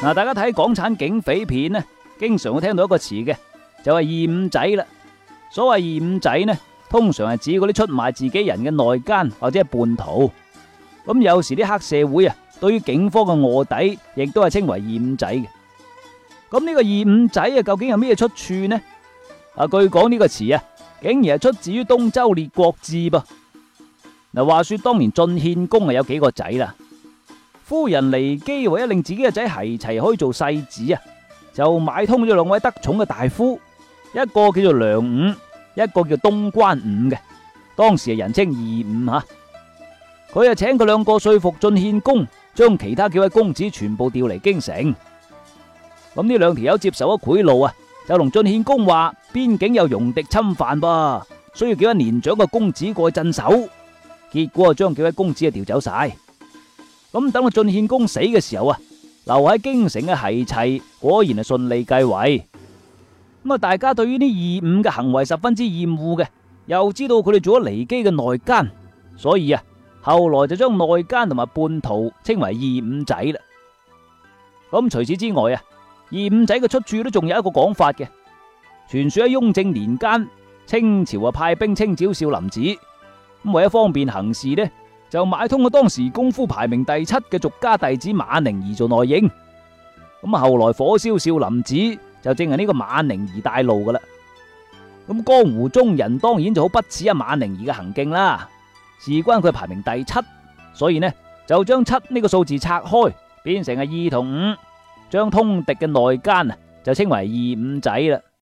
嗱，大家睇港產警匪片呢，經常會聽到一個詞嘅，就係二五仔啦。所謂二五仔呢，通常係指嗰啲出賣自己人嘅內奸或者係叛徒。咁有時啲黑社會啊，對於警方嘅臥底，亦都係稱為二五仔嘅。咁呢個二五仔啊，究竟有咩出處呢？啊，據講呢個詞啊，竟然係出自於東周列國志噃。嗱，話說當年晉獻公啊，有幾個仔啦。夫人驪姬，為咗令自己嘅仔奚齊可以做世子啊，就買通咗兩位得寵嘅大夫，一個叫做梁五，一個叫東關五嘅，當時係人稱二五吓。佢啊請佢兩個說服晉獻公，將其他幾位公子全部調嚟京城。咁呢兩條友接受咗賄賂啊，就同晉獻公話邊境有戎狄侵犯噃，需要幾位年長嘅公子過去鎮守。結果啊，將幾位公子啊調走晒。咁等到晉獻公死嘅時候啊，留喺京城嘅奚齊果然係順利繼位。咁啊，大家對於呢二五嘅行為十分之厭惡嘅，又知道佢哋做咗驪姬嘅內奸，所以啊，後來就將內奸同埋叛徒稱為二五仔啦。咁除此之外啊，二五仔嘅出處都仲有一個講法嘅，傳說喺雍正年間，清朝啊派兵清剿少，少林寺，咁為咗方便行事呢。就買通個當時功夫排名第七嘅俗家弟子馬寧兒做內應。咁後來火燒少林寺就正係呢個馬寧兒帶路噶啦。咁江湖中人當然就好不齒啊馬寧兒嘅行徑啦，事關佢排名第七，所以呢就將七呢個數字拆開，變成係二同五，將通敵嘅內奸啊就稱為二五仔啦。